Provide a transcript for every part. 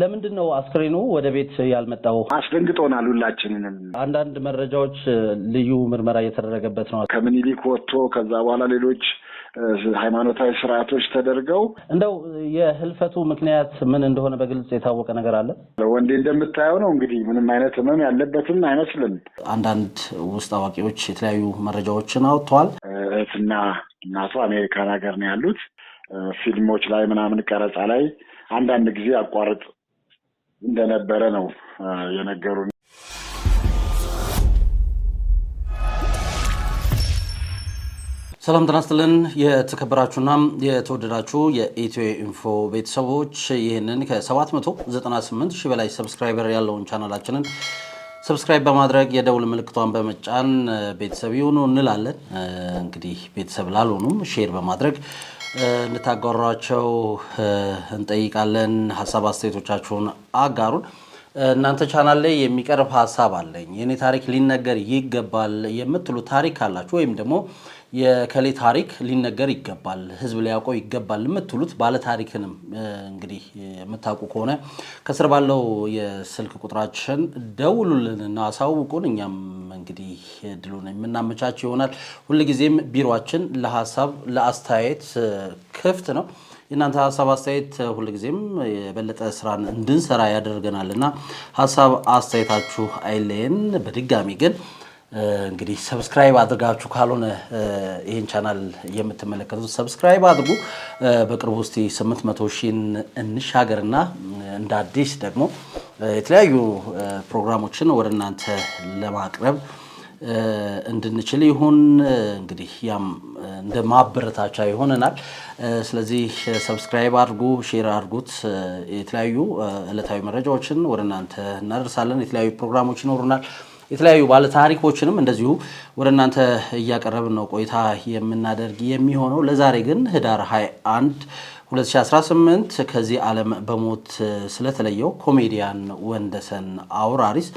ለምንድን ነው አስክሬኑ ወደ ቤት ያልመጣው? አስደንግጦናል ሁላችንንም። አንዳንድ መረጃዎች ልዩ ምርመራ እየተደረገበት ነው ከምኒልክ ወጥቶ ከዛ በኋላ ሌሎች ሃይማኖታዊ ስርዓቶች ተደርገው እንደው የህልፈቱ ምክንያት ምን እንደሆነ በግልጽ የታወቀ ነገር አለ? ወንዴ እንደምታየው ነው እንግዲህ ምንም አይነት ህመም ያለበትም አይመስልም። አንዳንድ ውስጥ አዋቂዎች የተለያዩ መረጃዎችን አውጥተዋል። እህትና እናቱ አሜሪካን ሀገር ነው ያሉት። ፊልሞች ላይ ምናምን ቀረጻ ላይ አንዳንድ ጊዜ አቋርጥ እንደነበረ ነው የነገሩን። ሰላም ጤና ይስጥልን። የተከበራችሁና የተወደዳችሁ የኢትዮ ኢንፎ ቤተሰቦች ይህንን ከ798 ሺህ በላይ ሰብስክራይበር ያለውን ቻናላችንን ሰብስክራይብ በማድረግ የደውል ምልክቷን በመጫን ቤተሰብ ይሁኑ እንላለን። እንግዲህ ቤተሰብ ላልሆኑም ሼር በማድረግ እንድታጋሯቸው እንጠይቃለን። ሀሳብ አስተያየቶቻችሁን አጋሩን። እናንተ ቻናል ላይ የሚቀርብ ሀሳብ አለኝ የእኔ ታሪክ ሊነገር ይገባል የምትሉ ታሪክ አላችሁ ወይም ደግሞ የከሌ ታሪክ ሊነገር ይገባል፣ ህዝብ ሊያውቀው ይገባል የምትሉት ባለ ታሪክንም እንግዲህ የምታውቁ ከሆነ ከስር ባለው የስልክ ቁጥራችን ደውሉልንና አሳውቁን። እኛም እንግዲህ እድሉን የምናመቻች ይሆናል። ሁልጊዜም ቢሮችን ለሀሳብ ለአስተያየት ክፍት ነው። የእናንተ ሀሳብ አስተያየት ሁልጊዜም የበለጠ ስራን እንድንሰራ ያደርገናል እና ሀሳብ አስተያየታችሁ አይለየን። በድጋሚ ግን እንግዲህ ሰብስክራይብ አድርጋችሁ ካልሆነ ይህን ቻናል የምትመለከቱት ሰብስክራይብ አድርጉ። በቅርቡ ውስጥ ስምንት መቶ ሺህን እንሻገርና እንደ አዲስ ደግሞ የተለያዩ ፕሮግራሞችን ወደ እናንተ ለማቅረብ እንድንችል ይሁን እንግዲህ ያም እንደ ማበረታቻ ይሆነናል። ስለዚህ ሰብስክራይብ አድርጉ፣ ሼር አድርጉት። የተለያዩ ዕለታዊ መረጃዎችን ወደ እናንተ እናደርሳለን። የተለያዩ ፕሮግራሞች ይኖሩናል። የተለያዩ ባለታሪኮችንም እንደዚሁ ወደ እናንተ እያቀረብን ነው ቆይታ የምናደርግ የሚሆነው። ለዛሬ ግን ህዳር 21 2018 ከዚህ ዓለም በሞት ስለተለየው ኮሜዲያን ወንደሰን አውራሪስ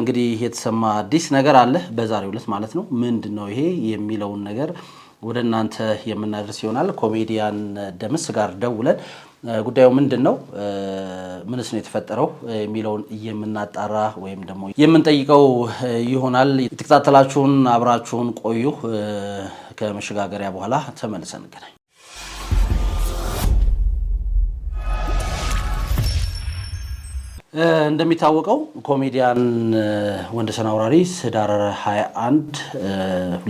እንግዲህ የተሰማ አዲስ ነገር አለ በዛሬው ዕለት ማለት ነው። ምንድን ነው ይሄ የሚለውን ነገር ወደ እናንተ የምናደርስ ይሆናል። ኮሜዲያን ደምስ ጋር ደውለን ጉዳዩ ምንድን ነው፣ ምንስ ነው የተፈጠረው የሚለውን የምናጣራ ወይም ደግሞ የምንጠይቀው ይሆናል። የተከታተላችሁን አብራችሁን ቆዩ። ከመሸጋገሪያ በኋላ ተመልሰን እንገናኝ። እንደሚታወቀው ኮሜዲያን ወንድሰን አውራሪ ህዳር 21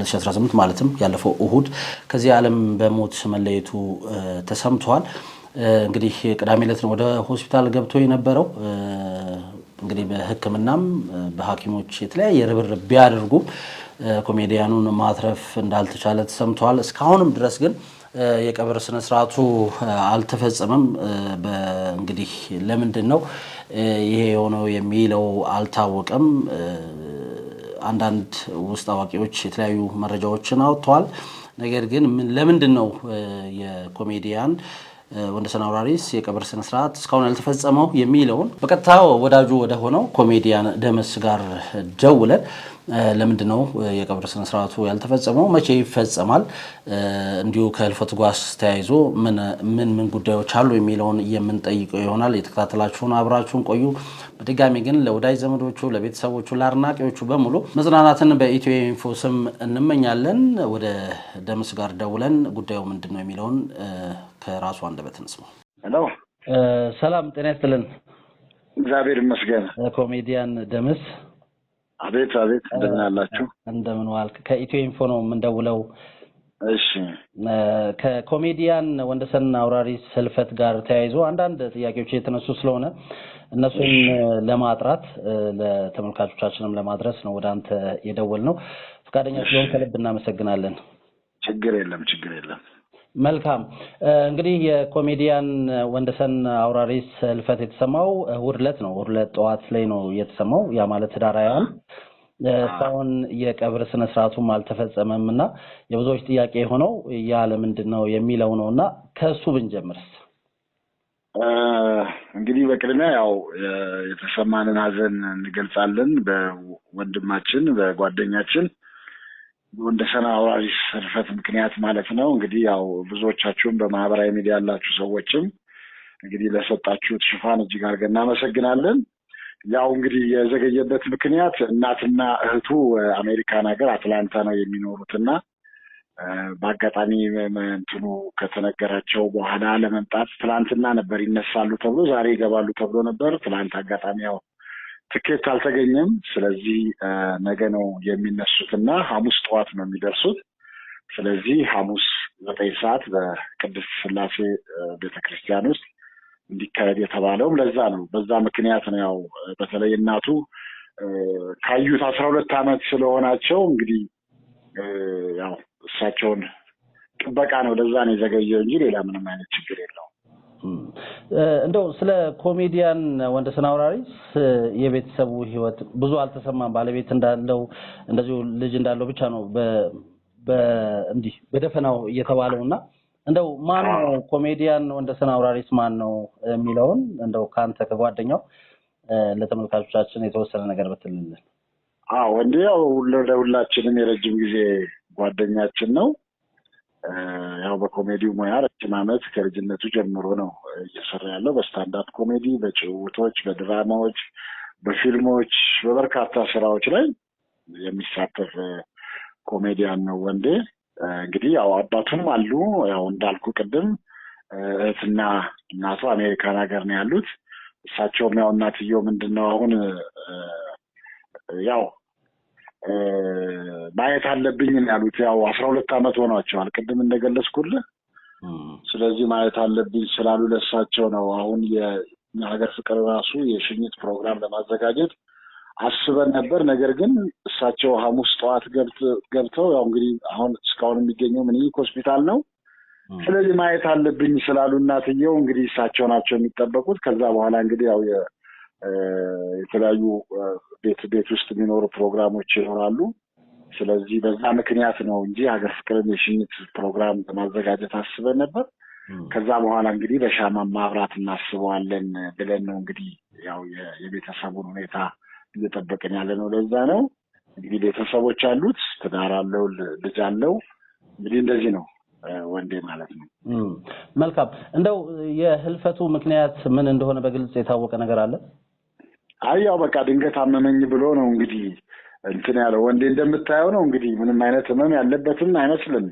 2018 ማለትም ያለፈው እሁድ ከዚህ ዓለም በሞት መለየቱ ተሰምቷል። እንግዲህ ቅዳሜ ዕለት ነው ወደ ሆስፒታል ገብቶ የነበረው። እንግዲህ በሕክምናም በሐኪሞች የተለያየ ርብርብ ቢያደርጉ ኮሜዲያኑን ማትረፍ እንዳልተቻለ ተሰምተዋል። እስካሁንም ድረስ ግን የቀብር ስነስርዓቱ አልተፈጸመም። እንግዲህ ለምንድን ነው ይሄ የሆነው የሚለው አልታወቀም። አንዳንድ ውስጥ አዋቂዎች የተለያዩ መረጃዎችን አውጥተዋል። ነገር ግን ለምንድን ነው የኮሜዲያን ወንደሰን አውራሪስ የቀብር ስነስርዓት እስካሁን ያልተፈጸመው የሚለውን በቀጥታ ወዳጁ ወደ ሆነው ኮሜዲያን ደመስ ጋር ደውለን ለምንድን ነው የቀብር ስነስርዓቱ ያልተፈጸመው? መቼ ይፈጸማል? እንዲሁ ከልፈት ጓስ ተያይዞ ምን ምን ጉዳዮች አሉ የሚለውን የምንጠይቀው ይሆናል። የተከታተላችሁን አብራችሁን ቆዩ። በድጋሚ ግን ለወዳጅ ዘመዶቹ፣ ለቤተሰቦቹ፣ ለአድናቂዎቹ በሙሉ መጽናናትን በኢትዮ ኢንፎ ስም እንመኛለን። ወደ ደምስ ጋር ደውለን ጉዳዩ ምንድን ነው የሚለውን ከራሱ አንደበት እንስማው። ሄሎ፣ ሰላም ጤና ይስጥልን። እግዚአብሔር ይመስገን። ኮሜዲያን ደምስ። አቤት አቤት፣ እንደምን አላችሁ? እንደምን ዋልክ? ከኢትዮ ኢንፎ ነው የምንደውለው። እሺ፣ ከኮሜዲያን ወንደሰን አውራሪስ ህልፈት ጋር ተያይዞ አንዳንድ ጥያቄዎች የተነሱ ስለሆነ እነሱን ለማጥራት ለተመልካቾቻችንም ለማድረስ ነው ወደ አንተ የደወል ነው። ፈቃደኛ ሲሆን ከልብ እናመሰግናለን። ችግር የለም ችግር የለም። መልካም እንግዲህ የኮሜዲያን ወንደሰን አውራሪስ ህልፈት የተሰማው ውድለት ዕለት ነው። እሑድ ዕለት ጠዋት ላይ ነው የተሰማው። ያ ማለት ህዳር ሃያን እስካሁን የቀብር ስነስርዓቱም አልተፈጸመም እና የብዙዎች ጥያቄ የሆነው ያ ለምንድን ነው የሚለው ነው እና ከእሱ ብንጀምርስ? እንግዲህ በቅድሚያ ያው የተሰማንን ሀዘን እንገልጻለን በወንድማችን በጓደኛችን እንደ ሰና አውራሪ ስርፈት ምክንያት ማለት ነው። እንግዲህ ያው ብዙዎቻችሁም በማህበራዊ ሚዲያ ያላችሁ ሰዎችም እንግዲህ ለሰጣችሁት ሽፋን እጅግ አድርገን እናመሰግናለን። ያው እንግዲህ የዘገየበት ምክንያት እናትና እህቱ አሜሪካን ሀገር አትላንታ ነው የሚኖሩትና በአጋጣሚ እንትኑ ከተነገራቸው በኋላ ለመምጣት ትላንትና ነበር ይነሳሉ ተብሎ ዛሬ ይገባሉ ተብሎ ነበር። ትላንት አጋጣሚ ያው ትኬት አልተገኘም። ስለዚህ ነገ ነው የሚነሱትና ሐሙስ ጠዋት ነው የሚደርሱት። ስለዚህ ሐሙስ ዘጠኝ ሰዓት በቅድስት ስላሴ ቤተክርስቲያን ውስጥ እንዲካሄድ የተባለውም ለዛ ነው። በዛ ምክንያት ነው ያው በተለይ እናቱ ካዩት አስራ ሁለት ዓመት ስለሆናቸው እንግዲህ ያው እሳቸውን ጥበቃ ነው ለዛ ነው የዘገየው እንጂ ሌላ ምንም አይነት ችግር የለውም። እንደው ስለ ኮሜዲያን ወንደሰን አውራሪስ የቤተሰቡ ህይወት ብዙ አልተሰማም። ባለቤት እንዳለው እንደዚሁ ልጅ እንዳለው ብቻ ነው እንዲህ በደፈናው እየተባለው እና እንደው ማን ነው ኮሜዲያን ወንደሰን አውራሪስ ማን ነው የሚለውን እንደው ከአንተ ከጓደኛው ለተመልካቾቻችን የተወሰነ ነገር ብትልልን። አዎ እንዲ ያው ለሁላችንም የረጅም ጊዜ ጓደኛችን ነው ያው በኮሜዲው ሙያ ረጅም ዓመት ከልጅነቱ ጀምሮ ነው እየሰራ ያለው በስታንዳፕ ኮሜዲ፣ በጭውቶች፣ በድራማዎች፣ በፊልሞች፣ በበርካታ ስራዎች ላይ የሚሳተፍ ኮሜዲያን ነው ወንዴ። እንግዲህ ያው አባቱም አሉ ያው እንዳልኩ ቅድም እህትና እናቱ አሜሪካን ሀገር ነው ያሉት። እሳቸውም ያው እናትየው ምንድን ነው አሁን ያው ማየት አለብኝ ነው ያሉት። ያው አስራ ሁለት ዓመት ሆኗቸዋል ቅድም እንደገለጽኩልህ። ስለዚህ ማየት አለብኝ ስላሉ ለሳቸው ነው አሁን የሀገር ፍቅር ራሱ የሽኝት ፕሮግራም ለማዘጋጀት አስበን ነበር። ነገር ግን እሳቸው ሐሙስ ጠዋት ገብተው ያው እንግዲህ አሁን እስካሁን የሚገኘው ምኒልክ ሆስፒታል ነው። ስለዚህ ማየት አለብኝ ስላሉ እናትየው እንግዲህ እሳቸው ናቸው የሚጠበቁት። ከዛ በኋላ እንግዲህ ያው የተለያዩ ቤት ቤት ውስጥ የሚኖሩ ፕሮግራሞች ይኖራሉ። ስለዚህ በዛ ምክንያት ነው እንጂ ሀገር ፍቅርን የሽኝት ፕሮግራም ለማዘጋጀት አስበን ነበር። ከዛ በኋላ እንግዲህ በሻማ ማብራት እናስበዋለን ብለን ነው እንግዲህ ያው የቤተሰቡን ሁኔታ እየጠበቅን ያለ ነው። ለዛ ነው እንግዲህ ቤተሰቦች አሉት፣ ትዳር አለው፣ ልጅ አለው። እንግዲህ እንደዚህ ነው ወንዴ ማለት ነው። መልካም። እንደው የህልፈቱ ምክንያት ምን እንደሆነ በግልጽ የታወቀ ነገር አለ? አይ ያው በቃ ድንገት አመመኝ ብሎ ነው እንግዲህ እንትን ያለው ወንዴ እንደምታየው ነው እንግዲህ ምንም አይነት ህመም ያለበትም አይመስልም።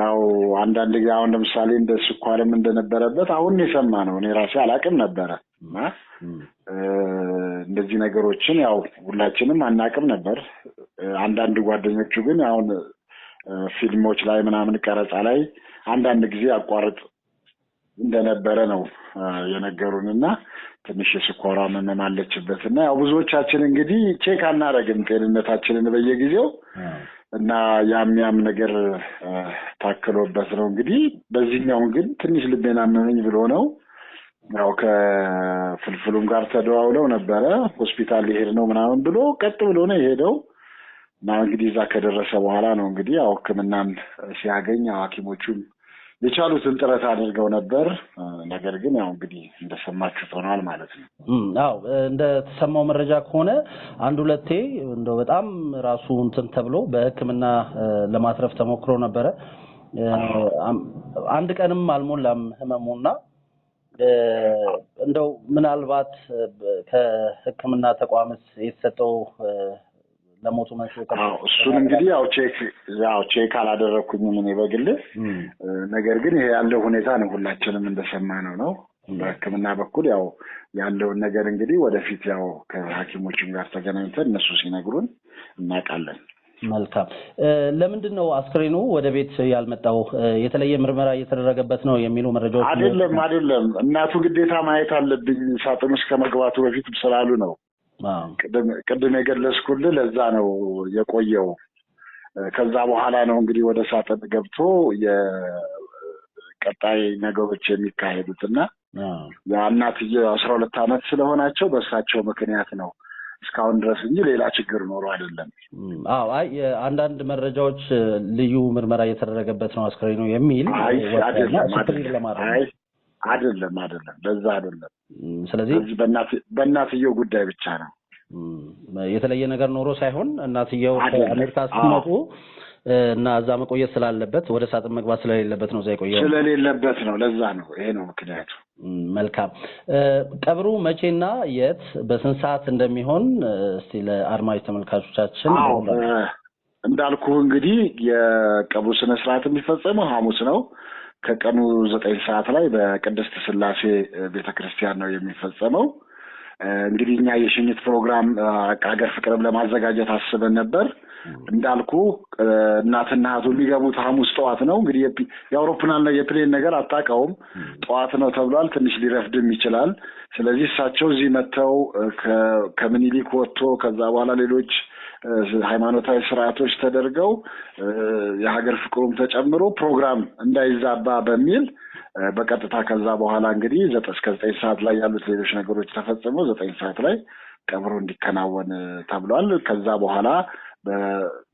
ያው አንዳንድ ጊዜ አሁን ለምሳሌ እንደ ስኳርም እንደነበረበት አሁን የሰማ ነው። እኔ ራሴ አላቅም ነበረ እና እንደዚህ ነገሮችን ያው ሁላችንም አናቅም ነበር። አንዳንድ ጓደኞቹ ግን አሁን ፊልሞች ላይ ምናምን ቀረጻ ላይ አንዳንድ ጊዜ አቋርጥ እንደነበረ ነው የነገሩን እና ትንሽ የስኳሯ መመም አለችበት እና ያው ብዙዎቻችን እንግዲህ ቼክ አናረግም ጤንነታችንን በየጊዜው እና ያም ያም ነገር ታክሎበት ነው እንግዲህ በዚህኛው ግን ትንሽ ልቤና መመኝ ብሎ ነው ያው ከፍልፍሉም ጋር ተደዋውለው ነበረ ሆስፒታል ሊሄድ ነው ምናምን ብሎ ቀጥ ብሎ ነው የሄደው እና እንግዲህ እዛ ከደረሰ በኋላ ነው እንግዲህ ያው ሕክምናን ሲያገኝ ሀኪሞቹም የቻሉትን ጥረት አድርገው ነበር። ነገር ግን ያው እንግዲህ እንደሰማችሁት ሆኗል ማለት ነው። አዎ እንደተሰማው መረጃ ከሆነ አንድ ሁለቴ እንደው በጣም ራሱ እንትን ተብሎ በሕክምና ለማትረፍ ተሞክሮ ነበረ። አንድ ቀንም አልሞላም ህመሙና እንደው ምናልባት ከሕክምና ተቋምስ የተሰጠው ለሞቱ መንስኤ እሱን እንግዲህ ያው ቼክ ያው ቼክ አላደረግኩኝም እኔ በግል ነገር ግን ይሄ ያለው ሁኔታ ነው ሁላችንም እንደሰማ ነው በህክምና በኩል ያው ያለውን ነገር እንግዲህ ወደፊት ያው ከሀኪሞችም ጋር ተገናኝተን እነሱ ሲነግሩን እናውቃለን። መልካም። ለምንድን ነው አስክሬኑ ወደ ቤት ያልመጣው? የተለየ ምርመራ እየተደረገበት ነው የሚሉ መረጃዎች አይደለም አይደለም። እናቱ ግዴታ ማየት አለብኝ ሳጥን ውስጥ ከመግባቱ በፊት ስላሉ ነው ቅድም የገለጽኩል ለዛ ነው የቆየው። ከዛ በኋላ ነው እንግዲህ ወደ ሳጥን ገብቶ የቀጣይ ነገሮች የሚካሄዱት እና እናትየው አስራ ሁለት ዓመት ስለሆናቸው በእሳቸው ምክንያት ነው እስካሁን ድረስ እንጂ ሌላ ችግር ኖሮ አይደለም። አዎ አይ አንዳንድ መረጃዎች ልዩ ምርመራ እየተደረገበት ነው አስክሬኑ የሚል ለማድረግ አይደለም አይደለም፣ በዛ አይደለም። ስለዚህ በእናትየው ጉዳይ ብቻ ነው የተለየ ነገር ኖሮ ሳይሆን እናትየው ከአሜሪካ ስትመጡ እና እዛ መቆየት ስላለበት ወደ ሳጥን መግባት ስለሌለበት ነው እዛ የቆየው ስለሌለበት ነው። ለዛ ነው ይሄ ነው ምክንያቱ። መልካም። ቀብሩ መቼና የት በስንት ሰዓት እንደሚሆን እስቲ ለአድማጭ ተመልካቾቻችን እንዳልኩ እንግዲህ የቀብሩ ስነስርዓት የሚፈጸመው ሐሙስ ነው። ከቀኑ ዘጠኝ ሰዓት ላይ በቅድስት ስላሴ ቤተ ክርስቲያን ነው የሚፈጸመው። እንግዲህ እኛ የሽኝት ፕሮግራም አገር ፍቅርም ለማዘጋጀት አስበን ነበር። እንዳልኩ እናትና እህቱ የሚገቡት ሐሙስ ጠዋት ነው። እንግዲህ የአውሮፕላን የፕሌን ነገር አታውቀውም። ጠዋት ነው ተብሏል። ትንሽ ሊረፍድም ይችላል። ስለዚህ እሳቸው እዚህ መጥተው ከምኒሊክ ወጥቶ ከዛ በኋላ ሌሎች ሃይማኖታዊ ስርዓቶች ተደርገው የሀገር ፍቅሩም ተጨምሮ ፕሮግራም እንዳይዛባ በሚል በቀጥታ ከዛ በኋላ እንግዲህ እስከ ዘጠኝ ሰዓት ላይ ያሉት ሌሎች ነገሮች ተፈጽመው ዘጠኝ ሰዓት ላይ ቀብሩ እንዲከናወን ተብሏል። ከዛ በኋላ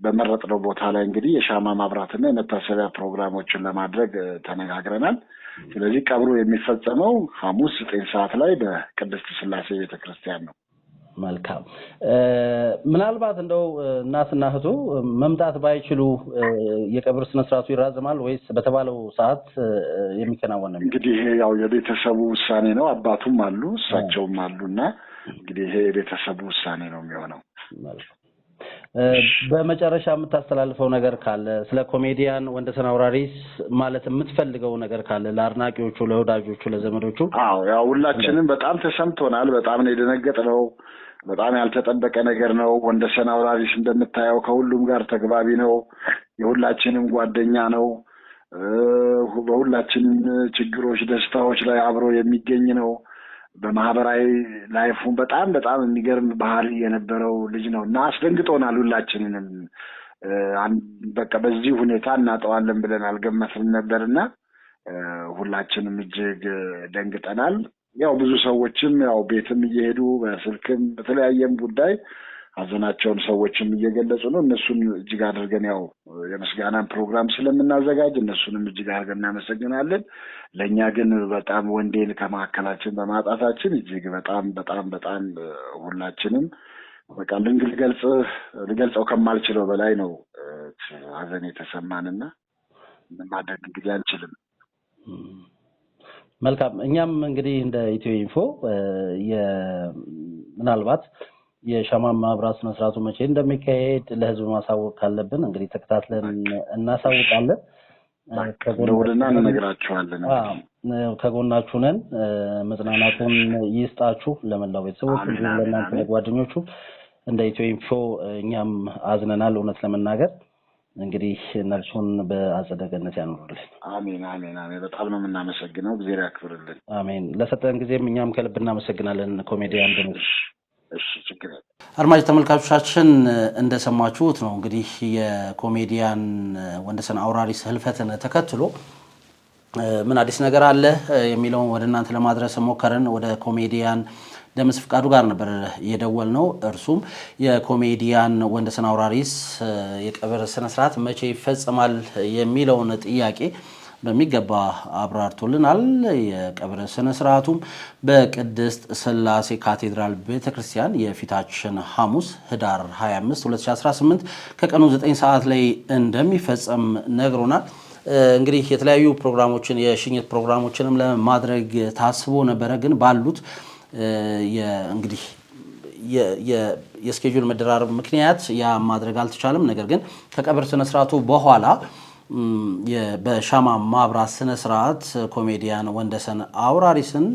በመረጥነው ቦታ ላይ እንግዲህ የሻማ ማብራትና የመታሰቢያ ፕሮግራሞችን ለማድረግ ተነጋግረናል። ስለዚህ ቀብሩ የሚፈጸመው ሐሙስ ዘጠኝ ሰዓት ላይ በቅድስት ስላሴ ቤተክርስቲያን ነው። መልካም። ምናልባት እንደው እናትና እህቱ መምጣት ባይችሉ የቀብር ስነስርዓቱ ይራዘማል ወይስ በተባለው ሰዓት የሚከናወን ነው? እንግዲህ ያው የቤተሰቡ ውሳኔ ነው። አባቱም አሉ እሳቸውም አሉ እና እንግዲህ ይሄ የቤተሰቡ ውሳኔ ነው የሚሆነው። በመጨረሻ የምታስተላልፈው ነገር ካለ ስለ ኮሜዲያን ወንደሰን አውራሪስ ማለት የምትፈልገው ነገር ካለ ለአድናቂዎቹ፣ ለወዳጆቹ፣ ለዘመዶቹ። አዎ ያው ሁላችንም በጣም ተሰምቶናል። በጣም ነው የደነገጥነው። በጣም ያልተጠበቀ ነገር ነው። ወንደሰን አውራሪስ እንደምታየው ከሁሉም ጋር ተግባቢ ነው። የሁላችንም ጓደኛ ነው። በሁላችንም ችግሮች፣ ደስታዎች ላይ አብሮ የሚገኝ ነው። በማህበራዊ ላይፉን በጣም በጣም የሚገርም ባህሪ የነበረው ልጅ ነው እና አስደንግጦናል ሁላችንንም። በቃ በዚህ ሁኔታ እናጠዋለን ብለን አልገመትም ነበር እና ሁላችንም እጅግ ደንግጠናል። ያው ብዙ ሰዎችም ያው ቤትም እየሄዱ በስልክም በተለያየም ጉዳይ ሀዘናቸውን ሰዎችም እየገለጹ ነው። እነሱን እጅግ አድርገን ያው የምስጋናን ፕሮግራም ስለምናዘጋጅ እነሱንም እጅግ አድርገን እናመሰግናለን። ለእኛ ግን በጣም ወንዴን ከመካከላችን በማጣታችን እጅግ በጣም በጣም በጣም ሁላችንም በቃ ልንግልገልጽ ልገልጸው ከማልችለው በላይ ነው ሀዘን የተሰማንና ማድረግ እንግዲህ አንችልም። መልካም እኛም እንግዲህ እንደ ኢትዮ ኢንፎ ምናልባት የሻማ ማብራት ስነስርዓቱ መቼ እንደሚካሄድ ለህዝብ ማሳወቅ ካለብን እንግዲህ ተከታትለን እናሳውቃለን። ደውልና እንነግራችኋለን። ከጎናችሁ ነን። መጽናናቱን ይስጣችሁ ለመላው ቤተሰቦች፣ ለእናንተ ለጓደኞቹ እንደ ኢትዮ ኢንፎ እኛም አዝነናል እውነት ለመናገር እንግዲህ ነፍሱን በአጸደ ገነት አሜን አሜን አሜን። በጣም ነው የምናመሰግነው። እግዜር ያክብርልን። አሜን። ለሰጠን ጊዜም እኛም ከልብ እናመሰግናለን። ኮሜዲያን ደ አድማጭ ተመልካቾቻችን እንደሰማችሁት ነው እንግዲህ የኮሜዲያን ወንደሰን አውራሪስ ህልፈትን ተከትሎ ምን አዲስ ነገር አለ የሚለውን ወደ እናንተ ለማድረስ ሞከርን። ወደ ኮሜዲያን ደምስ ፍቃዱ ጋር ነበር የደወል ነው። እርሱም የኮሜዲያን ወንደሰን አውራሪስ የቀብር ስነስርዓት መቼ ይፈጸማል የሚለውን ጥያቄ በሚገባ አብራርቶልናል። የቀብር ስነስርዓቱም በቅድስት ስላሴ ካቴድራል ቤተክርስቲያን የፊታችን ሐሙስ ህዳር 25 2018 ከቀኑ 9 ሰዓት ላይ እንደሚፈጸም ነግሮናል። እንግዲህ የተለያዩ ፕሮግራሞችን የሽኝት ፕሮግራሞችንም ለማድረግ ታስቦ ነበረ ግን ባሉት እንግዲህ የስኬጁል መደራረብ ምክንያት ያ ማድረግ አልተቻለም። ነገር ግን ከቀብር ስነስርዓቱ በኋላ በሻማ ማብራት ስነስርዓት ኮሜዲያን ወንደሰን አውራሪስን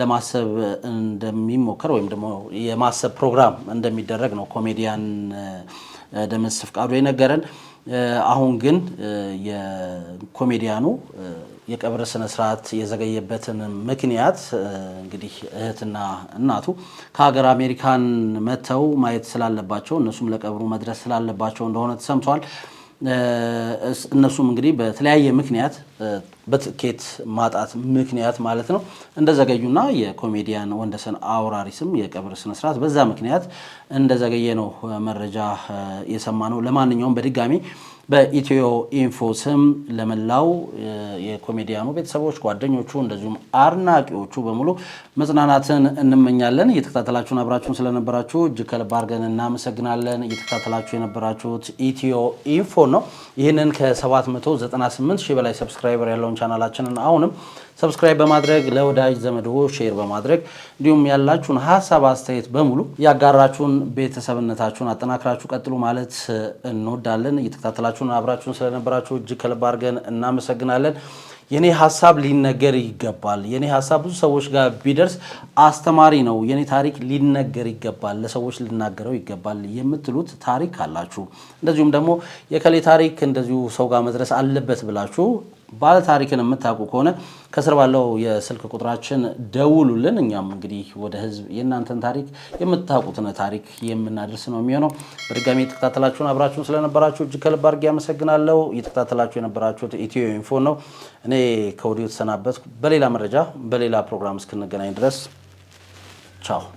ለማሰብ እንደሚሞከር ወይም ደግሞ የማሰብ ፕሮግራም እንደሚደረግ ነው ኮሜዲያን ደምስ ፍቃዱ የነገረን። አሁን ግን የኮሜዲያኑ የቀብር ስነ ስርዓት የዘገየበትን ምክንያት እንግዲህ እህትና እናቱ ከሀገር አሜሪካን መጥተው ማየት ስላለባቸው እነሱም ለቀብሩ መድረስ ስላለባቸው እንደሆነ ተሰምቷል። እነሱም እንግዲህ በተለያየ ምክንያት በትኬት ማጣት ምክንያት ማለት ነው እንደዘገዩና የኮሜዲያን ወንደሰን አውራሪስም የቀብር ስነስርዓት በዛ ምክንያት እንደዘገየ ነው መረጃ የሰማ ነው። ለማንኛውም በድጋሚ በኢትዮ ኢንፎ ስም ለመላው የኮሜዲያኑ ቤተሰቦች፣ ጓደኞቹ እንደዚሁም አድናቂዎቹ በሙሉ መጽናናትን እንመኛለን። እየተከታተላችሁን አብራችሁን ስለነበራችሁ እጅግ ከልብ አድርገን እናመሰግናለን። እየተከታተላችሁ የነበራችሁት ኢትዮ ኢንፎ ነው። ይህንን ከ798 ሺህ በላይ ሰብስክራይበር ያለውን ቻናላችንን አሁንም ሰብስክራይብ በማድረግ ለወዳጅ ዘመድዎ ሼር በማድረግ እንዲሁም ያላችሁን ሀሳብ አስተያየት በሙሉ ያጋራችሁን ቤተሰብነታችሁን አጠናክራችሁ ቀጥሉ ማለት እንወዳለን። እየተከታተላችሁን አብራችሁን ስለነበራችሁ እጅግ ከልብ አድርገን እናመሰግናለን። የኔ ሀሳብ ሊነገር ይገባል። የኔ ሀሳብ ብዙ ሰዎች ጋር ቢደርስ አስተማሪ ነው። የኔ ታሪክ ሊነገር ይገባል፣ ለሰዎች ልናገረው ይገባል የምትሉት ታሪክ አላችሁ፣ እንደዚሁም ደግሞ የከሌ ታሪክ እንደዚሁ ሰው ጋር መድረስ አለበት ብላችሁ ባለ ታሪክን የምታውቁ ከሆነ ከስር ባለው የስልክ ቁጥራችን ደውሉልን። እኛም እንግዲህ ወደ ህዝብ የእናንተን ታሪክ የምታውቁትን ታሪክ የምናደርስ ነው የሚሆነው። በድጋሚ የተከታተላችሁን አብራችሁን ስለነበራችሁ እጅግ ከልብ አድርጌ ያመሰግናለሁ። እየተከታተላችሁ የነበራችሁት ኢትዮ ኢንፎ ነው። እኔ ከወዲሁ የተሰናበትኩ። በሌላ መረጃ በሌላ ፕሮግራም እስክንገናኝ ድረስ ቻው።